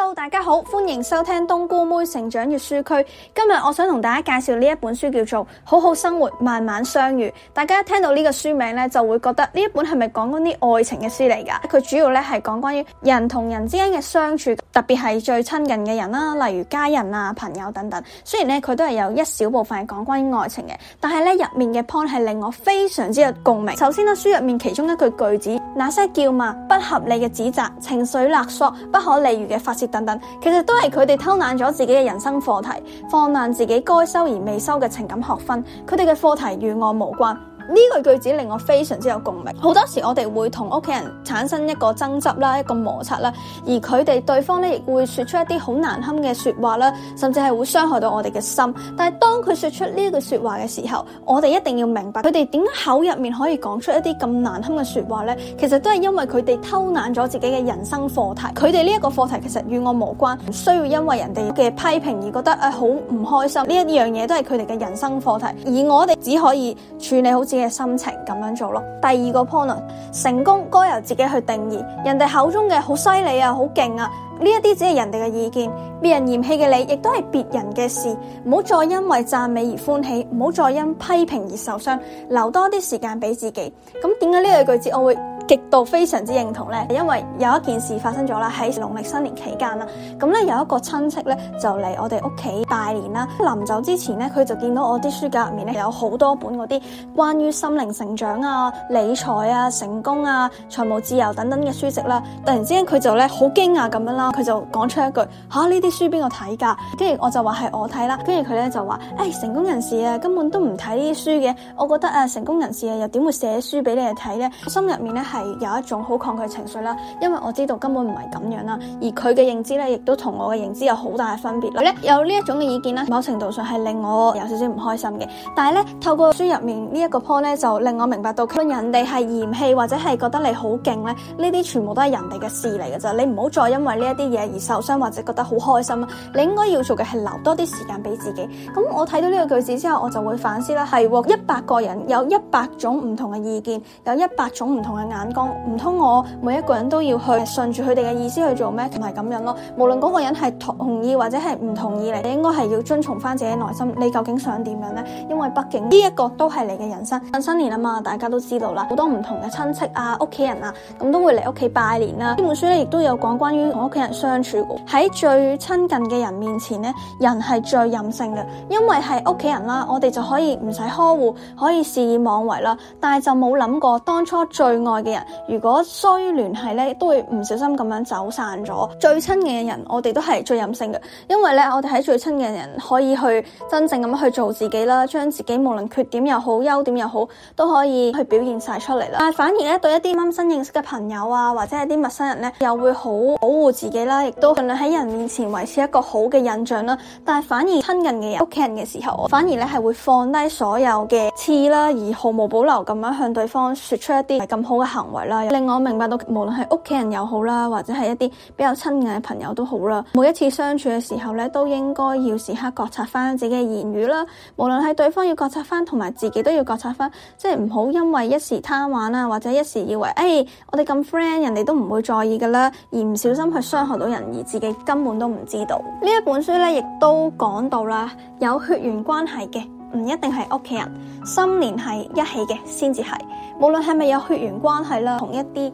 Hello，大家好，歡迎收聽冬菇妹成長閱書區。今日我想同大家介紹呢一本書，叫做《好好生活，慢慢相遇》。大家一聽到呢個書名呢，就會覺得呢一本係咪講關於愛情嘅書嚟噶？佢主要咧係講關於人同人之間嘅相處，特別係最親近嘅人啦，例如家人啊、朋友等等。雖然咧佢都係有一小部分係講關於愛情嘅，但係咧入面嘅 point 係令我非常之有共鳴。首先呢，書入面其中一句句子：那些叫罵、不合理嘅指責、情緒勒索、不可理喻嘅發泄。等等，其實都係佢哋偷懶咗自己嘅人生課題，放棄自己該修而未修嘅情感學分。佢哋嘅課題與我無關。呢句句子令我非常之有共鳴。好多時我哋會同屋企人產生一個爭執啦，一個摩擦啦，而佢哋對方咧亦會說出一啲好難堪嘅說話啦，甚至係會傷害到我哋嘅心。但係當佢說出呢一句說話嘅時候，我哋一定要明白佢哋點解口入面可以講出一啲咁難堪嘅說話咧？其實都係因為佢哋偷懶咗自己嘅人生課題。佢哋呢一個課題其實與我無關，唔需要因為人哋嘅批評而覺得誒，好唔開心。呢一樣嘢都係佢哋嘅人生課題，而我哋只可以處理好自己。嘅心情咁樣做咯。第二個 point，成功該由自己去定義。人哋口中嘅好犀利啊，好勁啊，呢一啲只係人哋嘅意見。別人嫌棄嘅你，亦都係別人嘅事。唔好再因為讚美而歡喜，唔好再因批評而受傷。留多啲時間俾自己。咁點解呢句句子我會？極度非常之認同咧，因為有一件事發生咗啦，喺農曆新年期間啦，咁咧有一個親戚咧就嚟我哋屋企拜年啦。臨走之前咧，佢就見到我啲書架入面咧有好多本嗰啲關於心靈成長啊、理財啊、成功啊、財務自由等等嘅書籍啦。突然之間佢就咧好驚訝咁樣啦，佢就講出一句：吓呢啲書邊個睇噶？跟住我就話係我睇啦。跟住佢咧就話：誒、哎，成功人士啊，根本都唔睇呢啲書嘅。我覺得啊，成功人士啊，又點會寫書俾你哋睇咧？我心入面咧係。係有一種好抗拒情緒啦，因為我知道根本唔係咁樣啦，而佢嘅認知咧，亦都同我嘅認知有好大嘅分別啦。咧有呢一種嘅意見啦，某程度上係令我有少少唔開心嘅。但係咧，透過書入面呢一個 point 咧，就令我明白到，人哋係嫌棄或者係覺得你好勁咧，呢啲全部都係人哋嘅事嚟嘅啫。你唔好再因為呢一啲嘢而受傷或者覺得好開心啦。你應該要做嘅係留多啲時間俾自己。咁我睇到呢個句子之後，我就會反思啦。係喎、哦，一百個人有一百種唔同嘅意見，有一百種唔同嘅眼。唔通我每一個人都要去順住佢哋嘅意思去做咩？同埋咁樣咯。無論嗰個人係同意或者係唔同意你，你應該係要遵從翻自己內心。你究竟想點樣呢？因為畢竟呢一個都係你嘅人生。近新年啊嘛，大家都知道啦，好多唔同嘅親戚啊、屋企人啊，咁都會嚟屋企拜年啦。呢本書咧亦都有講關於同屋企人相處嘅。喺最親近嘅人面前呢，人係最任性嘅，因為係屋企人啦，我哋就可以唔使呵護，可以肆意妄為啦。但係就冇諗過當初最愛嘅。如果疏於聯繫咧，都會唔小心咁樣走散咗。最親嘅人，我哋都係最任性嘅，因為咧，我哋喺最親嘅人可以去真正咁樣去做自己啦，將自己無論缺點又好、優點又好，都可以去表現晒出嚟啦。但係反而咧，對一啲啱新認識嘅朋友啊，或者係啲陌生人咧，又會好保護自己啦，亦都盡量喺人面前維持一個好嘅印象啦。但係反而親近嘅人、屋企人嘅時候，反而咧係會放低所有嘅刺啦，而毫無保留咁樣向對方說出一啲唔係咁好嘅行為啦，令我明白到無論係屋企人又好啦，或者係一啲比較親愛嘅朋友都好啦，每一次相處嘅時候咧，都應該要時刻覺察翻自己嘅言語啦。無論係對方要覺察翻，同埋自己都要覺察翻，即係唔好因為一時貪玩啦，或者一時以為誒、哎、我哋咁 friend，人哋都唔會在意噶啦，而唔小心去傷害到人，而自己根本都唔知道。呢一本書咧，亦都講到啦，有血緣關係嘅。唔一定係屋企人，心連繫一起嘅先至係，無論係咪有血緣關係啦，同一啲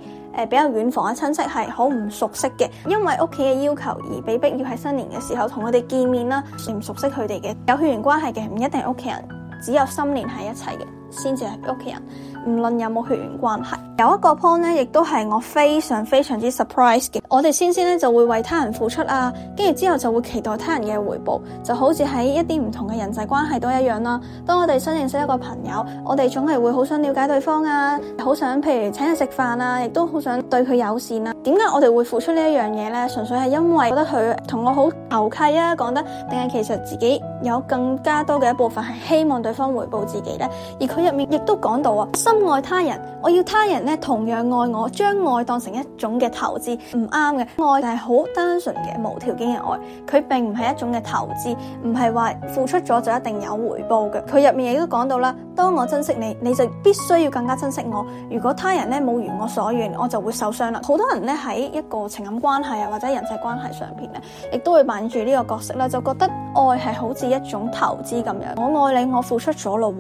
比較遠房嘅親戚係好唔熟悉嘅，因為屋企嘅要求而被迫要喺新年嘅時候同佢哋見面啦，唔熟，熟悉佢哋嘅，有血緣關係嘅唔一定係屋企人，只有心連繫一齊嘅。先至係屋企人，無論有冇血緣關係。有一個 point 咧，亦都係我非常非常之 surprise 嘅。我哋先先咧就會為他人付出啊，跟住之後就會期待他人嘅回報，就好似喺一啲唔同嘅人際關係都一樣啦。當我哋新認識一個朋友，我哋總係會好想了解對方啊，好想譬如請佢食飯啊，亦都好想對佢友善啊。點解我哋會付出呢一樣嘢咧？純粹係因為覺得佢同我好投契啊，講得，定係其實自己。有更加多嘅一部分係希望對方回報自己咧，而佢入面亦都講到啊，深愛他人，我要他人咧同樣愛我，將愛當成一種嘅投資唔啱嘅，愛係好單純嘅無條件嘅愛，佢並唔係一種嘅投資，唔係話付出咗就一定有回報嘅。佢入面亦都講到啦，當我珍惜你，你就必須要更加珍惜我。如果他人咧冇如我所願，我就會受傷啦。好多人咧喺一個情感關係啊或者人際關係上面咧，亦都會扮住呢個角色啦，就覺得。愛係好似一種投資咁樣，我愛你，我付出咗咯，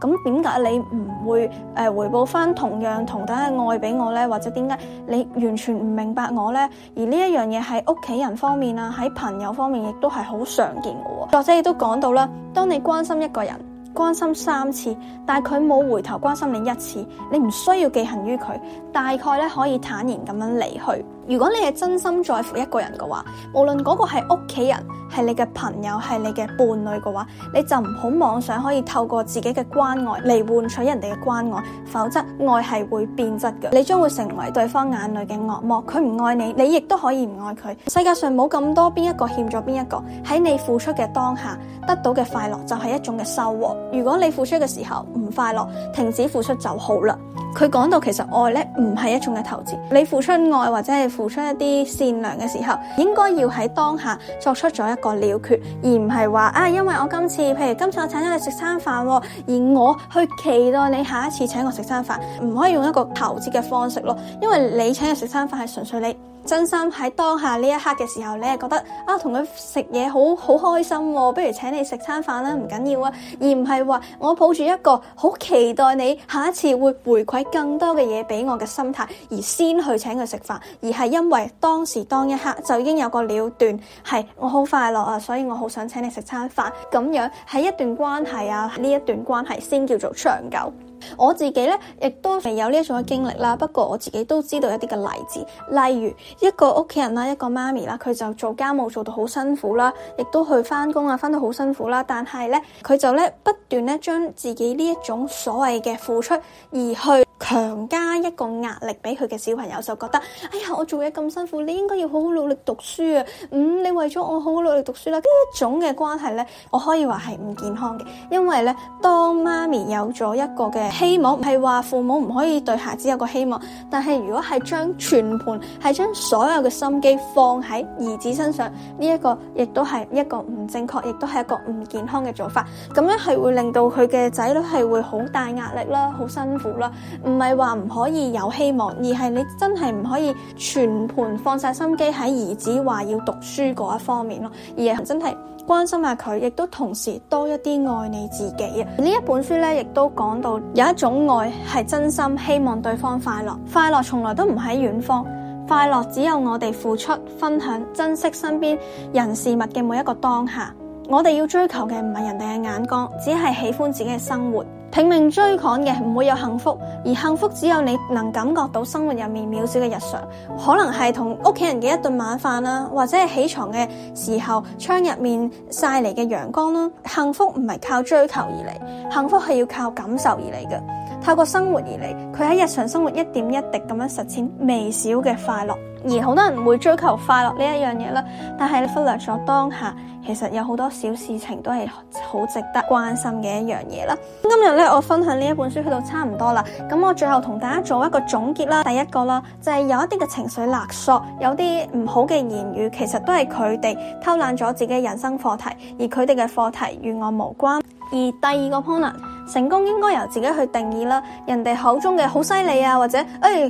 咁點解你唔會誒回報返同樣同等嘅愛俾我呢？或者點解你完全唔明白我呢？而呢一樣嘢喺屋企人方面啊，喺朋友方面亦都係好常見嘅。作者亦都講到啦，當你關心一個人，關心三次，但係佢冇回頭關心你一次，你唔需要記恨於佢，大概咧可以坦然咁樣離去。如果你係真心在乎一個人嘅話，無論嗰個係屋企人、係你嘅朋友、係你嘅伴侶嘅話，你就唔好妄想可以透過自己嘅關愛嚟換取人哋嘅關愛，否則愛係會變質嘅，你將會成為對方眼裏嘅惡魔。佢唔愛你，你亦都可以唔愛佢。世界上冇咁多邊一個欠咗邊一個。喺你付出嘅當下，得到嘅快樂就係一種嘅收穫。如果你付出嘅時候唔快樂，停止付出就好啦。佢講到其實愛呢，唔係一種嘅投資，你付出愛或者係付出一啲善良嘅時候，應該要喺當下作出咗一個了結，而唔係話啊，因為我今次譬如，今次我請你食餐飯，而我去期待你下一次請我食餐飯，唔可以用一個投資嘅方式咯，因為你請我食餐飯係純粹你真心喺當下呢一刻嘅時候，你係覺得啊，同佢食嘢好好開心啊，不如請你食餐飯啦，唔緊要啊，而唔係話我抱住一個好期待你下一次會回饋更多嘅嘢俾我嘅心態，而先去請佢食飯，而係因為當時當一刻就已經有個了斷，係我好快樂啊，所以我好想請你食餐飯，咁樣喺一段關係啊，呢一段關係先叫做長久。我自己咧亦都未有呢一種嘅經歷啦，不過我自己都知道一啲嘅例子，例如一個屋企人啦，一個媽咪啦，佢就做家務做到好辛苦啦，亦都去翻工啊，翻到好辛苦啦，但係咧佢就咧不斷咧將自己呢一種所謂嘅付出，而去強加一個壓力俾佢嘅小朋友，就覺得哎呀我做嘢咁辛苦，你應該要好好努力讀書啊，嗯你為咗我好好努力讀書啦，啊，呢一種嘅關係咧，我可以話係唔健康嘅，因為咧當媽咪有咗一個嘅。希望唔係話父母唔可以對孩子有個希望，但係如果係將全盤係將所有嘅心機放喺兒子身上，呢一個亦都係一個唔正確，亦都係一個唔健康嘅做法。咁樣係會令到佢嘅仔女係會好大壓力啦，好辛苦啦。唔係話唔可以有希望，而係你真係唔可以全盤放晒心機喺兒子話要讀書嗰一方面咯，而係真係。關心下佢，亦都同時多一啲愛你自己啊！呢一本書咧，亦都講到有一種愛係真心，希望對方快樂。快樂從來都唔喺遠方，快樂只有我哋付出、分享、珍惜身邊人事物嘅每一個當下。我哋要追求嘅唔係人哋嘅眼光，只係喜歡自己嘅生活。拼命追趕嘅唔會有幸福，而幸福只有你能感覺到生活入面渺小嘅日常，可能係同屋企人嘅一頓晚飯啦，或者係起床嘅時候窗入面曬嚟嘅陽光啦。幸福唔係靠追求而嚟，幸福係要靠感受而嚟嘅，透過生活而嚟。佢喺日常生活一點一滴咁樣實踐微小嘅快樂。而好多人會追求快樂呢一樣嘢啦，但係你忽略咗當下，其實有好多小事情都係好值得關心嘅一樣嘢啦。今日咧，我分享呢一本書去到差唔多啦。咁我最後同大家做一個總結啦。第一個啦，就係有一啲嘅情緒勒索，有啲唔好嘅言語，其實都係佢哋偷懶咗自己人生課題，而佢哋嘅課題與我無關。而第二個 point 成功應該由自己去定義啦，人哋口中嘅好犀利啊，或者誒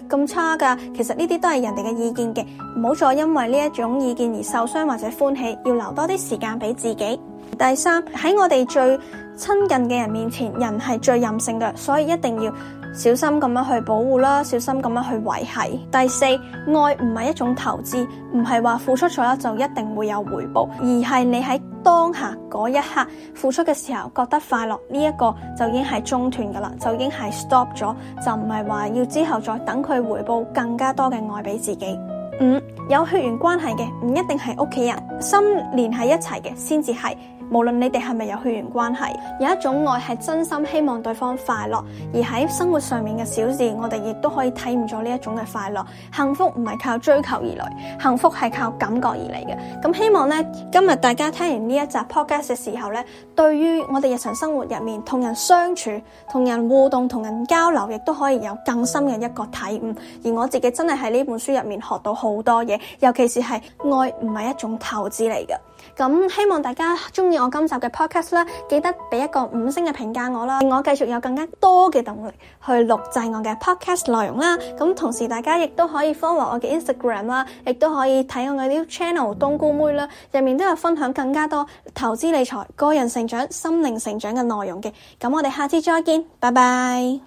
咁、哎、差噶其實呢啲都係人哋嘅意見嘅，唔好再因為呢一種意見而受傷或者歡喜，要留多啲時間俾自己。第三喺我哋最。親近嘅人面前，人係最任性嘅，所以一定要小心咁樣去保護啦，小心咁樣去維係。第四，愛唔係一種投資，唔係話付出咗就一定會有回報，而係你喺當下嗰一刻付出嘅時候覺得快樂呢一個就已經係中斷噶啦，就已經係 stop 咗，就唔係話要之後再等佢回報更加多嘅愛俾自己。五有血緣關係嘅唔一定係屋企人，心連喺一齊嘅先至係。無論你哋係咪有血緣關係，有一種愛係真心希望對方快樂，而喺生活上面嘅小事，我哋亦都可以體驗咗呢一種嘅快樂。幸福唔係靠追求而來，幸福係靠感覺而嚟嘅。咁希望呢，今日大家聽完呢一集 podcast 嘅時候呢，對於我哋日常生活入面同人相處、同人互動、同人交流，亦都可以有更深嘅一個體悟。而我自己真係喺呢本書入面學到好多嘢，尤其是係愛唔係一種投資嚟嘅。咁希望大家中意我今集嘅 Podcast 啦，記得俾一個五星嘅評價我啦，令我繼續有更加多嘅動力去錄製我嘅 Podcast 內容啦。咁同時大家亦都可以 follow 我嘅 Instagram 啦，亦都可以睇我嘅 new channel 冬菇妹啦，入面都有分享更加多投資理財、個人成長、心靈成長嘅內容嘅。咁我哋下次再見，拜拜。